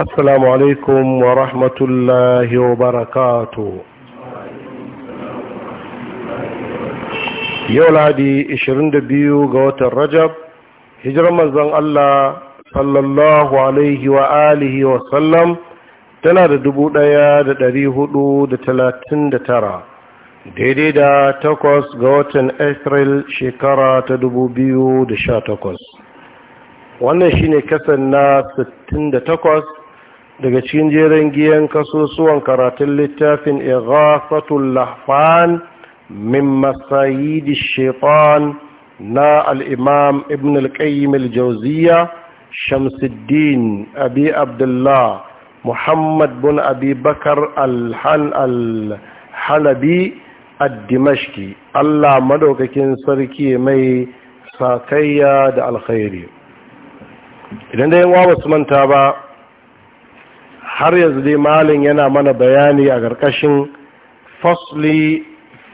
السلام عليكم Yau الله وبركاته يوم العدي 22 قوة الرجب hijirar manzon Allah sallallahu alaihi wa alihi wa sallam tana da dubu ɗaya da ɗari hudu da talatin da tara daidai da takwas ga watan april shekara ta dubu biyu da sha takwas wannan shine kasan na sittin da takwas daga cikin jeren giyan kasusuwan karatun littafin ighafatul lahfan min masayidi shaitan na al'imam ibn al-qayyim al-jauziya shamsuddin abi abdullah muhammad bin abi bakar al-halabi al-dimashki allah madaukakin sarki mai sakayya da alkhairi idan da yin wa basu manta ba har yanzu dai malin yana mana bayani a ƙarƙashin fasli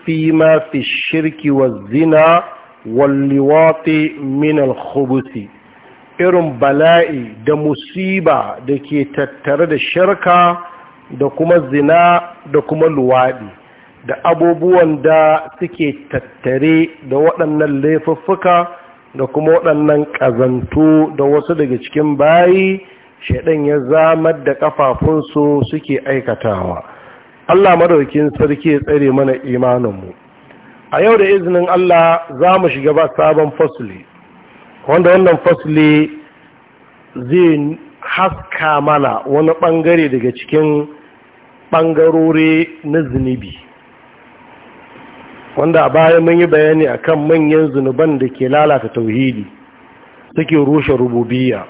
fi ma fi shirki wa zina walliwati min alkhubuti irin bala'i da musiba da ke tattare da shirka da kuma zina da kuma luwaɗi da abubuwan da suke tattare da waɗannan laifuffuka da kuma waɗannan ƙazantu da wasu daga cikin bayi shaidan ya zamar da kafafunsu suke aikatawa Allah madaukin sarki ya tsare mana imaninmu a yau da izinin Allah za mu shiga ba sabon fasuli wanda wannan fasuli zai haska mana wani ɓangare daga cikin ɓangarori na zunubi wanda a baya mun yi bayani akan manyan zunuban da ke lalata tauhidi suke rushe rububiyya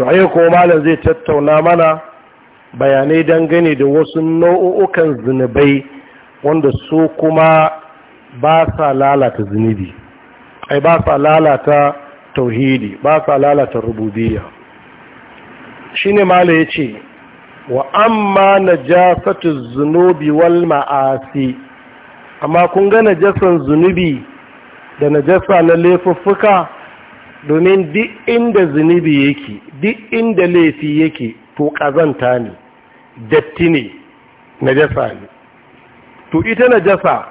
to ayo kuma malam zai tattauna mana bayanai dangane da wasu nau'ukan zunubai wanda su kuma ba sa lalata zunubi ai ba sa lalata tauhidi ba sa lalata rububiyya shine malam yace wa amma najasatu zunubi wal ma'asi amma kun ga najasan zunubi da najasa na laifuffuka domin duk inda zunubi yake duk inda laifi yake to kazanta ne datti ne najasa ne to ita najasa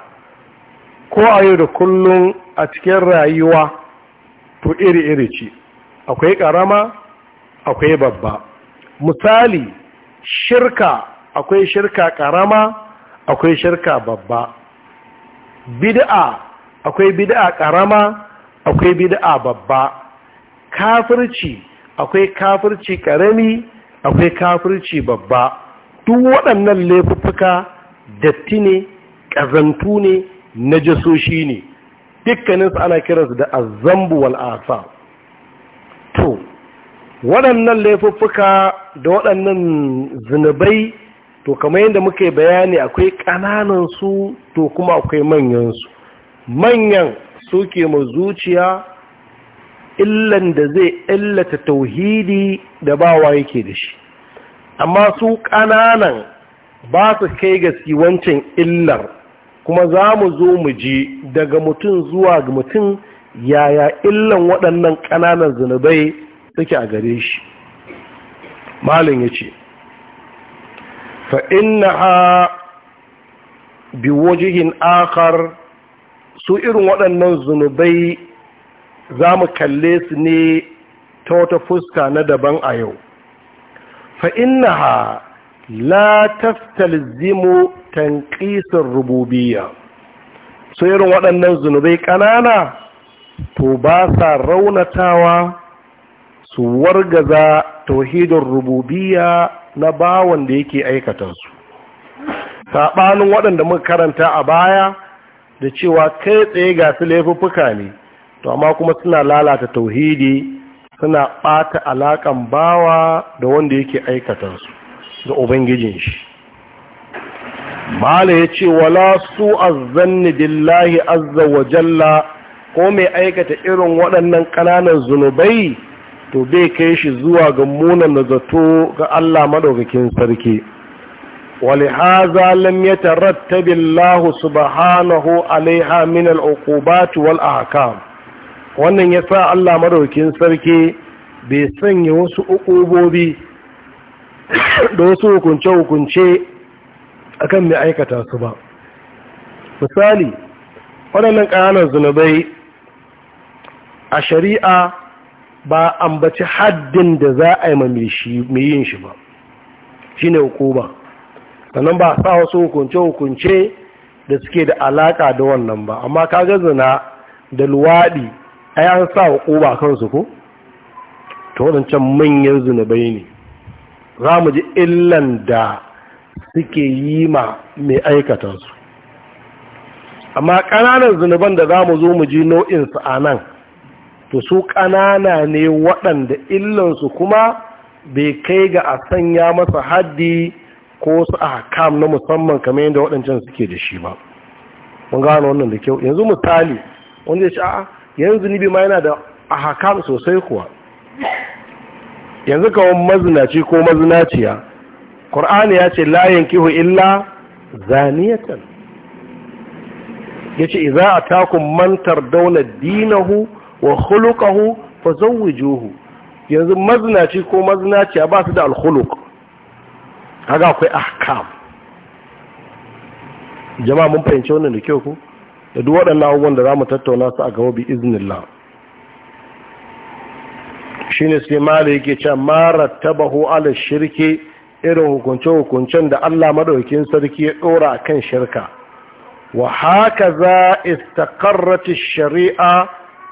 ko a yau da kullum a cikin rayuwa to iri-iri ce akwai karama akwai babba misali shirka akwai shirka karama akwai shirka babba bid'a akwai bid'a karama akwai bid'a babba kafirci akwai kafirci karami akwai kafirci babba duk waɗannan laifuffuka datti ne ƙazantu ne najasoshi ne dukkaninsu ana kiransu da azambu wal asa to waɗannan laifuffuka da waɗannan zinubai to kamar yadda muka bayani akwai ƙananan su to kuma akwai manyansu manyan soke ma zuciya illan da zai illata tauhidi da bawa yake da shi amma su ƙananan ba su kai gaski wancan illar kuma za mu zo mu ji daga mutum zuwa ga mutum yaya illan waɗannan ƙananan zunubai suke a gare shi malin ya ce fa'in na ha biwajihin akar su irin waɗannan zunubai za mu kalle su ne ta wata fuska na daban a yau fa'innaha la taftalzimu tankisar rububiya su irin waɗannan zunubai ƙanana to ba sa raunatawa su wargaza tauhidin rububiya na bawan da yake aikata su saɓanin waɗanda muka karanta a baya da cewa kai tsaye ga su laifuffuka ne to amma kuma suna lalata tauhidi suna ɓata alaƙan bawa da wanda yake aikata su da ubangijin shi mala ya ce wala su azzanni billahi azza wa jalla ko mai aikata irin waɗannan ƙananan zunubai to bai kai shi zuwa ga munan zato ga Allah Maɗaukakin sarki ولهذا لم يترتب الله سبحانه عليها من العقوبات والأحكام wannan ya sa Allah maraukin sarki bai sanya wasu ukubobi da wasu hukunce-hukunce akan mai aikata su ba misali waɗannan ƙananan zunubai a shari'a ba ambaci haddin da za a yi mai yin shi ba shine hukuma sannan ba sa wasu hukunce-hukunce da suke da alaka da wannan ba amma kaga zina da luwaɗi a yan sa ƙuba kansu ko ta waɗancan manyan zunubai ne za mu ji illan da suke yi ma mai aikata su amma ƙananan zunuban da za mu zo mu ji nau'insu a nan to su ƙanana ne waɗanda illansu kuma bai kai ga a sanya masa haddi ko wasu ahkam na musamman kamar yadda waɗancan suke da shi ba mun gano wannan da kyau yanzu misali wanda ya ce a'a yanzu ni bi ma yana da ahkam sosai kuwa yanzu kawo mazinaci ko mazinaciya ƙur'ani ya ce layin kihu illa zaniyatan ya ce iza a takun mantar daular dinahu wa hulukahu fa zauwi juhu yanzu mazinaci ko mazinaciya ba su da alhuluk kaga akwai ahkam jama'a mun fahimci wannan da kyau ku da duk waɗannan abubuwan da za mu tattauna su a gaba bi iznillah shine sai mala yake cewa marattabahu ala shirki irin hukunce-hukuncen da Allah maɗaukin sarki ya a kan shirka wa haka za istaqarrat ash-shari'a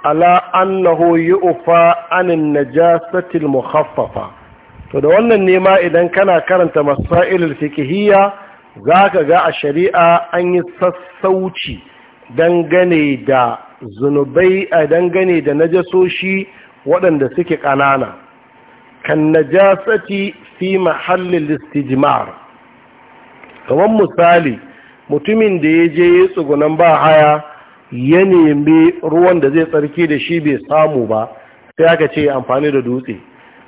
ala annahu yu'fa 'an an-najasati al-mukhaffafa to da wannan nema idan kana karanta masailul za zaka ga a shari'a an yi sassauci dangane da zunubai a dangane da najasoshi waɗanda suke ƙanana kan najasati fi mahallin istijmar kamar misali mutumin da ya je ya tsugunan ba haya ya nemi ruwan da zai tsarki da shi bai samu ba sai aka ce amfani da dutse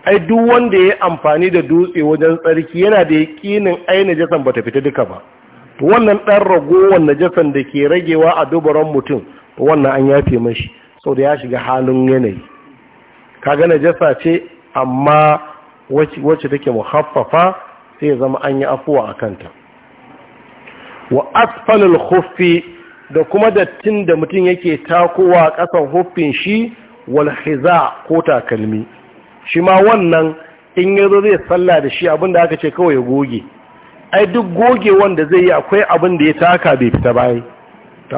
ai duk wanda ya amfani da dutse wajen tsarki yana da yakinin ai najasan bata fita duka ba to wannan dan ragowar najasan da ke ragewa a dubaran mutum to wannan an yafe mashi sau da ya shiga halin yanayi kaga najasa ce amma wacce take muhaffafa sai ya zama an yi afuwa a kanta wa asfalul khuffi da kuma dattin da mutum yake takowa kasan huffin shi wal hiza ko takalmi shi ma wannan in ya zo zai salla da shi abinda aka ce kawai ya goge ai duk goge wanda zai yi akwai abin da ya taka bai fita bayi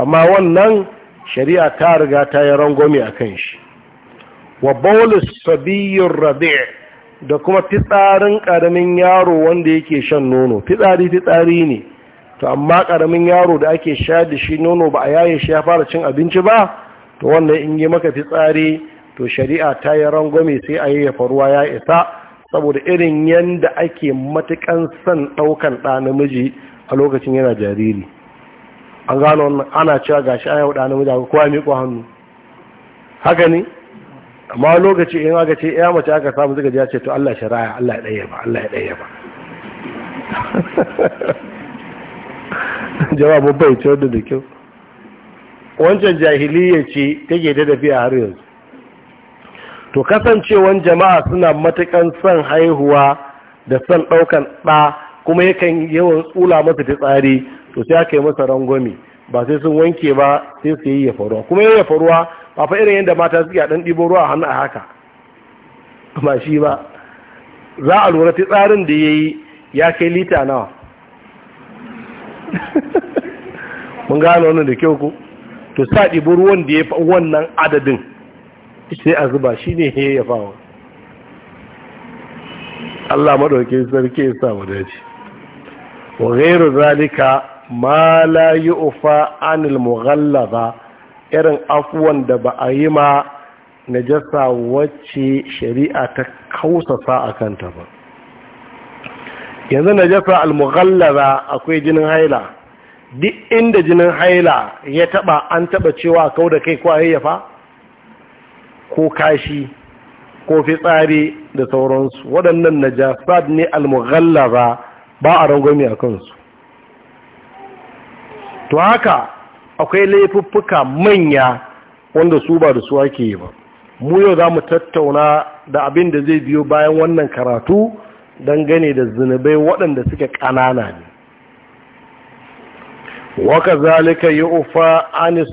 ma wannan shari'a ta riga ta yi rangwame a kan shi wa bolus sabiyyar rabe da kuma fitsarin karamin yaro wanda yake shan nono fitsari fitsari ne to amma karamin yaro da ake sha da shi nono ba a yaye shi ya fara cin abinci ba to wannan in yi maka fitsari to shari'a ta yi rangwame sai a yayyafa ruwa ya isa saboda irin yadda ake matukan son ɗaukan ɗa namiji a lokacin yana jariri an gano wannan ana cewa gashi shi yau ɗa namiji a kowa miƙo hannu haka ne amma lokaci in aka ce ya mace aka samu zuga ya ce to Allah shari'a Allah ya ɗaya ba Allah ya ɗaya ba jawabin bai ce wadda da kyau wancan jahiliya ce take ta tafiya har yanzu to kasancewan jama'a suna matukan son haihuwa da son ɗaukan ɗa kuma yakan yawan tsula masa ta tsari to sai aka yi masa rangwami, ba sai sun wanke ba sai su yi ya faruwa kuma ya faruwa ba fa irin yadda mata suke a ɗan ɗibo ruwa a hannu a haka ba shi ba za a lura ta tsarin da ya yi ya kai lita nawa mun gano wannan da kyau ku to sa ɗibo ruwan da ya fi wannan adadin sai a zuba shi ne heyafawa Allah maɗauki sarki ya samu dace wa ghairu zalika ma la yu'fa anil mughallaba irin afuwan da ba a yi ma najasa wacce shari'a ta kausasa a kanta ba yanzu najasa al mughallaba akwai jinin haila duk inda jinin haila ya taba an taba cewa kau da kai ko yayyafa ko kashi ko fitsari da sauransu waɗannan najasad ne almughallaba ba a rangwami a kansu to haka akwai laifuffuka manya wanda su ba da su ake yi ba mu yau za mu tattauna da abin da zai biyo bayan wannan karatu don gane da zunubai waɗanda suke ƙanana ne waka zalika yi ufa anis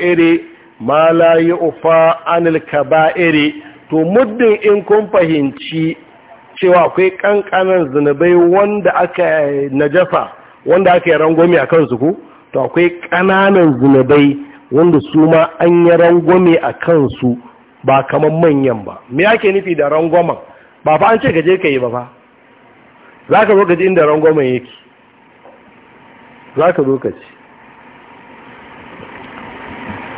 iri? ma la yi ufa anil kaba'iri to muddin in kun fahimci cewa akwai kankanan zunubai wanda aka najafa wanda aka yi rangwami a kansu ku to akwai kananan zunubai wanda su ma an yi rangwami a kansu ba kamar manyan ba me ake nufi da rangwamen ba fa an ce ka je ka yi ba fa za ka zo ka ji inda rangwamen yake za ka zo ka ci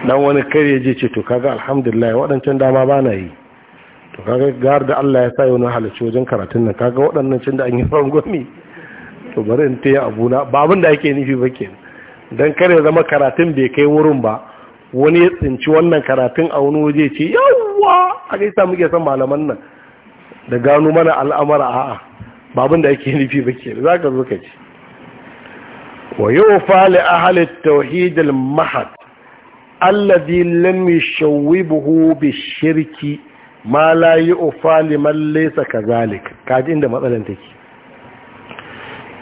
dan wani kare je ce to kaga alhamdulillah waɗancan dama ba na yi to kaga gar da Allah ya sa yau na halarci wajen karatun nan kaga waɗannan cin da an yi rangwami to bari in taya abuna ba abin da ake nufi ba kenan dan kare zama karatun bai kai wurin ba wani ya tsinci wannan karatun a wani waje ce yawwa a kai sa muke son malaman nan da gano mana al'amara a'a ba abin da ake nufi ba kenan zaka zo ka ci wa yau fa li ahli tauhid mahad allazi lam yashawwibuhu bishirki ma la yu'fa liman laysa kazalik kaji inda matsalan take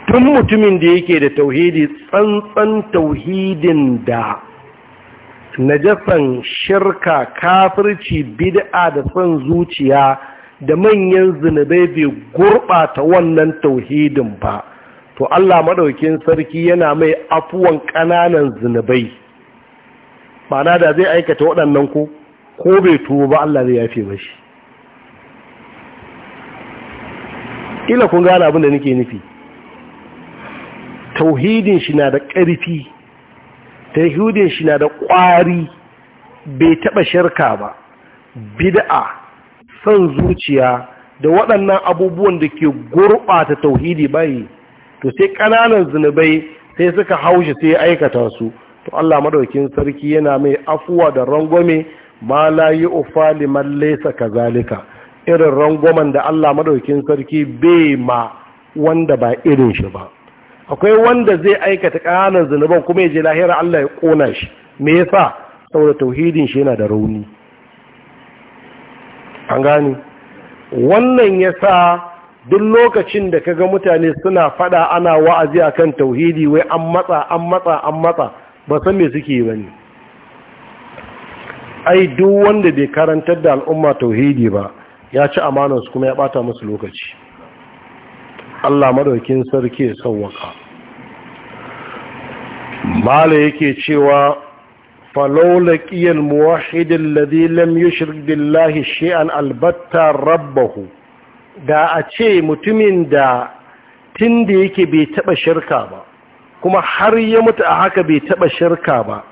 tun mutumin da yake da tauhidi tsantsan tauhidin da najasan shirka kafirci bid'a da son zuciya da manyan zunubai bai gurɓata wannan tauhidin ba to Allah madaukin sarki yana mai afuwan ƙananan zunubai Mana da zai aikata waɗannan ko ko bai tuwo ba Allah zai yafe mashi ila kun gane abin da nake nufi tauhidin shi na da ƙarfi tauhidin shi na da ƙwari bai taɓa shirka ba Bida'a, son zuciya da waɗannan abubuwan da ke gurɓata tauhidi bai to sai ƙananan zunubai sai suka haushe sai aikata su to Allah madaukin sarki yana mai afuwa da rangwame ma la yu'fa liman laysa kazalika irin rangwamen da Allah madaukin sarki bai ma wanda ba irin shi ba akwai wanda zai aikata ƙananan zunuban kuma ya je lahira Allah ya kona shi me yasa saboda tauhidin shi yana da rauni an gani wannan yasa duk lokacin da kaga mutane suna fada ana wa'azi akan tauhidi wai an matsa an matsa an matsa ba san me suke yi ba ne ai duk wanda bai karantar da al'umma tauhidi ba ya ci amanarsu kuma ya bata musu lokaci Allah madaukin sarki ya sauwaka mala yake cewa falolakiyar ƙiyar muwahidin ladilam yushir billahi shi'an albatta rabbahu da a ce mutumin da tun da yake bai taɓa shirka ba kuma har ya mutu a haka bai taɓa shirka ba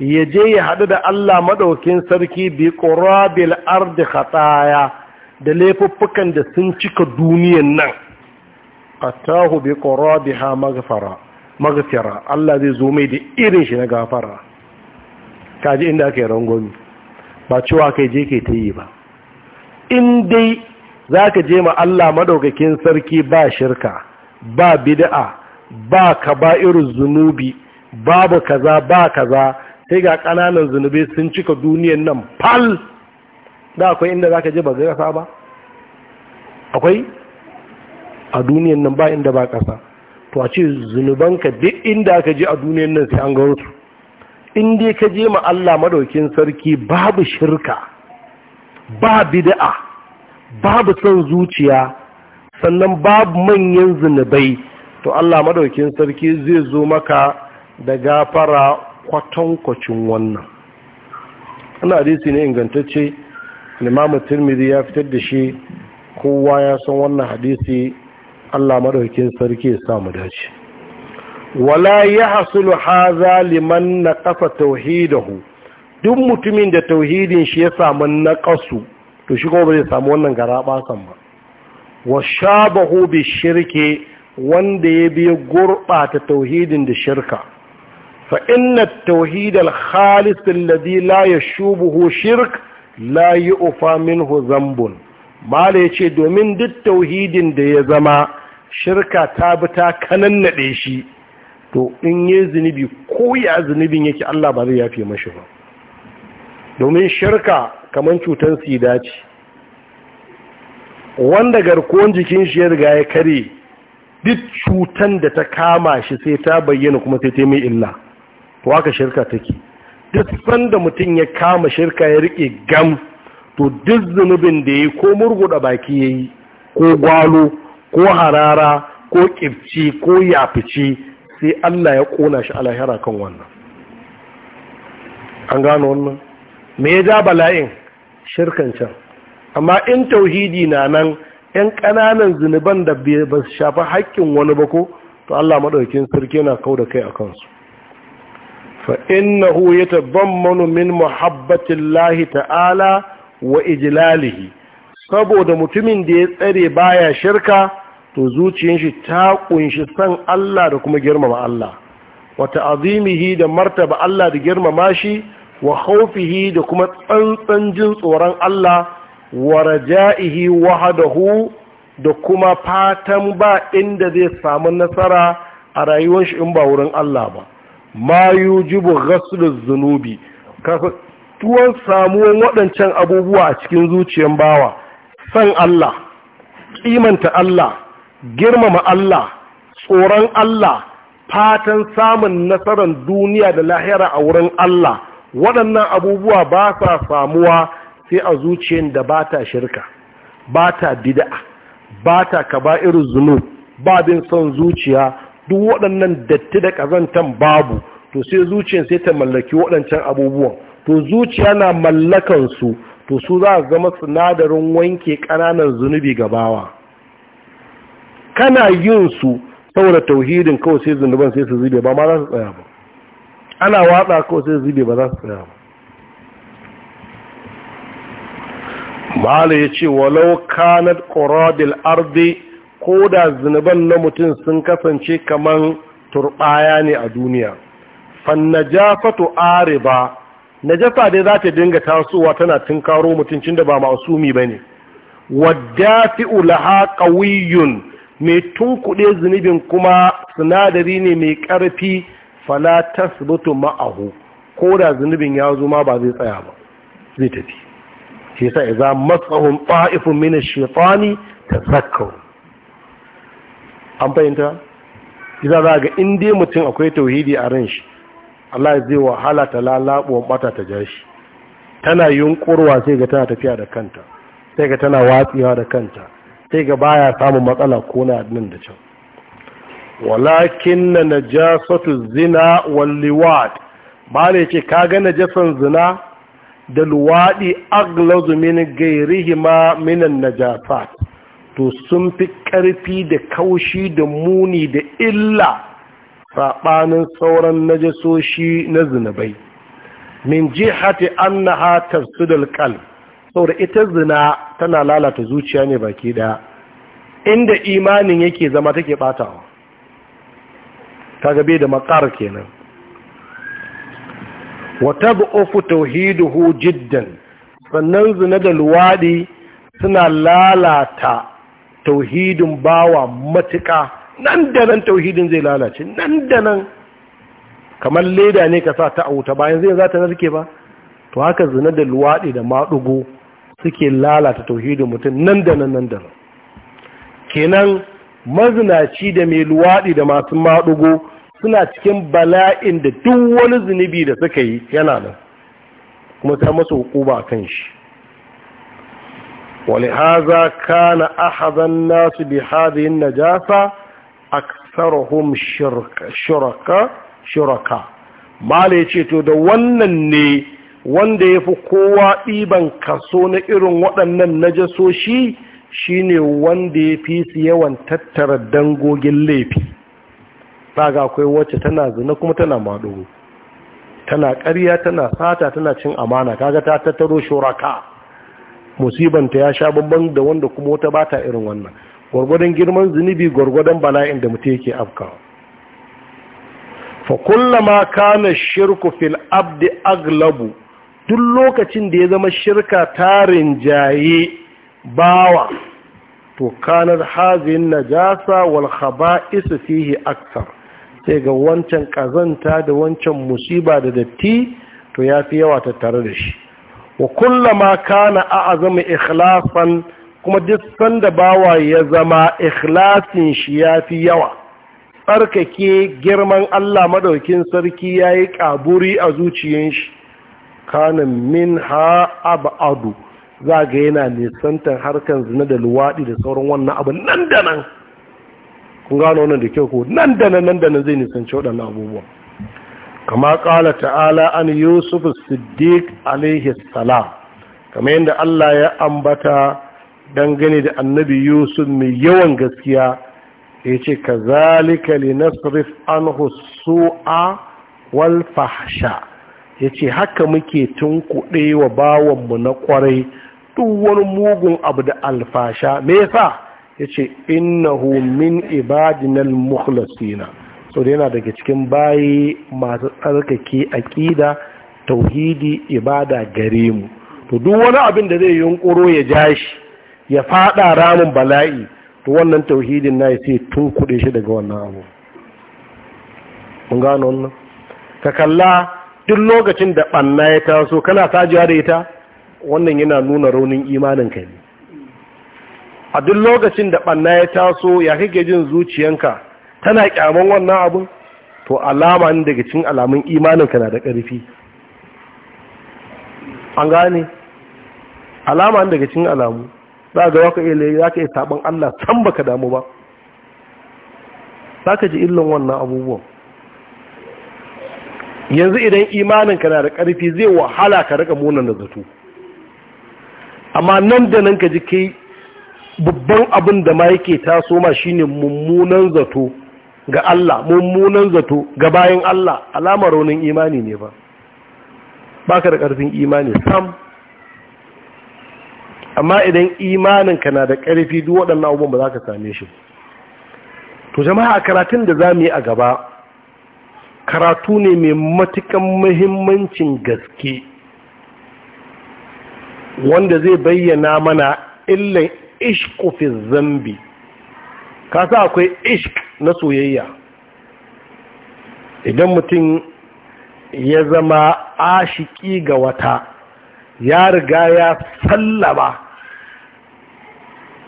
ya je ya haɗu da Allah maɗaukin sarki bi ƙorabil ardi khataya da laifuffukan da sun cika duniyan nan atahu bi ƙorabiha ha Allah zai zo mai da irin shi na gafara ji inda aka yi rangomi ba cewa kai je ke ta yi ba in dai za ka je ma Allah maɗaukakin sarki ba shirka ba bid'a ba ka ba irin zunubi babu kaza ba kaza sai ga ƙananan zunubi sun cika duniyan nan fal da akwai inda za ka je ba zai kasa ba akwai a duniyan nan ba inda ba kasa. to a ce zunubanka duk inda ka je a duniyan nan sai an ga wasu in dai ka je ma Allah madaukin sarki babu shirka ba bid'a babu son zuciya sannan babu manyan zunubai to Allah madaukin sarki zai zo maka da gafara kwaton kwatankwacin wannan ana hadisi ne ingantacce limamu tirmidhi ya fitar da shi kowa ya san wannan hadisi Allah madaukin sarki ya samu dace wala ya hasulu hadha liman kafa tauhidahu duk mutumin da tauhidin shi ya samu naqasu to shi kuma bai samu wannan garaba san ba wa shabahu bi shirki wanda ya biya gurɓata tauhidin da shirka fa inna tauhid al-khalis alladhi la yashubuhu shirk la yu'fa minhu zambun mala yace domin duk tauhidin da ya zama shirka ta bi ta kanannaɗe shi to in yi zunubi ko ya zunubin yake Allah ba zai yafe mashi ba domin shirka kamar cutar sida ce wanda garkuwan jikin shi ya riga ya kare duk cutan da ta kama shi sai ta bayyana kuma sai ta mai illa to haka shirka take duk sanda mutum ya kama shirka ya rike gam to duk zunubin da ya yi ko murguda baki ya yi ko gwalo ko harara ko kirci ko yafici sai Allah ya kona shi alahira kan wannan an gano wannan me ya ja bala'in shirkan can amma in tauhidi na nan yan ƙananan zunuban da ba su shafi haƙƙin wani ba ko to Allah maɗaukin sarki yana kau da kai a kansu fa ya manu min muhabbatillahi ta'ala wa ijilalihi saboda mutumin da ya tsare baya shirka to zuciyar shi ta ƙunshi san Allah da kuma girmama Allah wa ta'azimihi da martaba Allah da girmama shi wa haufihi da kuma tsantsan jin tsoron Allah wa raja'ihi da kuma fatan ba inda zai samu nasara a rayuwar shi in ba wurin Allah ba ma yujibu ghaslu zunubi tuwon samuwan waɗancan abubuwa a cikin zuciyar bawa san Allah kimanta Allah girmama Allah tsoron Allah fatan samun nasarar duniya da lahira a wurin Allah waɗannan abubuwa ba sa samuwa sai a zuciyar da ba ta shirka ba ta bida'a ba ta kaba'irin zunub ba bin son zuciya duk waɗannan datti da ƙazantan babu to sai zuciyar sai ta mallaki waɗancan abubuwan to zuciya na mallakansu to su za a zama sinadarin wanke ƙananan zunubi gabawa kana yin su saboda tauhidin kawai sai zunuban sai su zube ba ma za su tsaya ba ana watsa kawai sai zube ba za su tsaya ba mala ya ce walau na ƙoradil arzi ko da zunuban na mutum sun kasance kaman turɓaya ne a duniya ba, na najasa dai za ta dinga tasowa tana tun karo mutuncin da ba masumi ba ne waddafi'u laha ƙawiyun mai tun kuɗe zunubin kuma sinadari ne mai ƙarfi falatas tasbutu ma'ahu ko da zunubin ya zo ma ba zai tsaya ba zai tafi shi sa idza masahum ta'ifun min ash ta an fahimta iza za ga in dai mutum akwai tauhidi a ran shi Allah zai wahala ta lalabuwan bata ta jashi tana yunkurwa sai ga tana tafiya da kanta sai ga tana watsiwa da kanta sai ga baya samun matsala ko na nan da can walakin na najasatu zina wal liwat ba ne ce najasan zina da luwaɗi aglazu min gairihima minan najafat to sun fi ƙarfi da kaushi da muni da illa saɓanin sauran najasoshi na zinabai min jihati annaha tafsidul qalb saboda ita zina tana lalata zuciya ne baki ɗaya. inda imanin yake zama take batawa kaga bai da makar kenan wa tab'ufu tauhiduhu jiddan sannan zina da luwaɗi suna lalata tauhidin bawa matuka nan da nan tauhidin zai lalace nan da nan kamar leda ne ka sa ta auta bayan zai za ta narke ba to haka zina da luwaɗi da maɗugo suke lalata tauhidin mutum nan da nan nan da nan kenan mazinaci da mai luwaɗi da masu maɗugo suna cikin bala'in da duk wani zunubi da suka yi yana nan kuma ta masa hukuma kan shi Wani haza ولهذا كان أحد najasa بهذه النجاسة أكثرهم ya ce to da wannan ne wanda ya fi kowa ɗiban kaso na irin waɗannan najasoshi shine wanda ya fi su yawan tattara dangogin laifi za akwai wacce tana zina kuma tana maɗo tana ƙarya tana sata tana cin amana kaga ta tattaro shuraka musibanta ya sha bambam da wanda kuma wata bata irin wannan gwargwadon girman zunubi gwargwadon bala'in da mutum yake afkawa fakulla kullama kana shirku fil abdi aglabu duk lokacin da ya zama shirka tarin jaye bawa to kanar hazin najasa wal khaba'is fihi akthar sai ga wancan kazanta da wancan musiba da datti to ya fi yawa tattare da shi wa ma kana azama ikhlasan kuma duk sanda bawa ya zama ikhlasin shi ya fi yawa tsarkake girman Allah madaukin sarki ya yi ƙaburi a zuciyin shi kanin min ha abadu za ga yana nisantar harkar zina da luwaɗi da sauran wannan abu nan da nan kun gano wannan da kyau ko nan da nan nan da nan zai nisanci waɗannan abubuwa kama ƙala ta'ala an yusuf siddiq alaihi salam kamar yadda allah ya ambata dangane da annabi yusuf mai yawan gaskiya ya ce ka zalika li nasrif an su'a wal fahsha ya ce haka muke tunkuɗe wa bawanmu na ƙwarai duk wani mugun abu da alfasha me yasa Ya ce, innahu min ibadinal mukhlasina so da yana daga cikin bayi masu tsarkake aqida tauhidi ibada gare mu to duk wani abin da zai yunkuro ya jashi ya fada ramin bala'i to wannan tauhidin na sai tun kuɗe shi daga wannan abu mun gano wannan ka kalla duk lokacin da ɓanna ya taso kana sajiya da ita wannan yana nuna raunin imanin kai a duk lokacin da ɓanna ya taso ya kake jin zuciyanka tana kyaman wannan abin to alama ne daga cin alamun imaninka na da ƙarfi an gane alama ne daga cin alamu za ga waka iya za ka yi sabon allah can baka damu ba za ka ji illin wannan abubuwan yanzu idan imaninka na da ƙarfi zai wahala ka riƙa munan da zato amma nan da nan ka ji kai babban abin da ma yake taso ma shine mummunan zato ga Allah mummunan zato ga bayan Allah alamar raunin imani ne ba baka da karfin imani sam amma idan imaninka na da ƙarfi duk waɗannan abubuwan ba za ka same shi to jama'a a karatun da za mu yi a gaba karatu ne mai matukan muhimmancin gaske wanda zai bayyana mana illan ishku fi zambi ka akwai ishk na soyayya idan mutum ya zama ashiki ga wata ya riga ya sallaba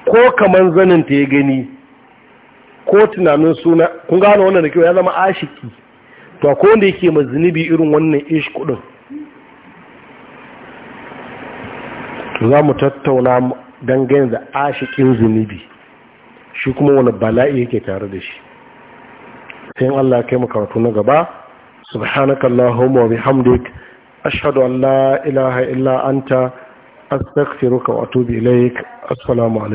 ko kaman zaninta ya gani ko tunanin suna kun gano wannan da kewa ya zama ashiki to ko wanda yake mazinibi irin wannan ishkudin za mu tattauna dangane da ashikin zunubi shi kuma wani bala'i yake tare da shi sai Allah kai makaratu na gaba subhanaka allahumma wa bihamdik ashhadu an la ilaha illa anta astaghfiruka wa atubu ilaik assalamu alaikum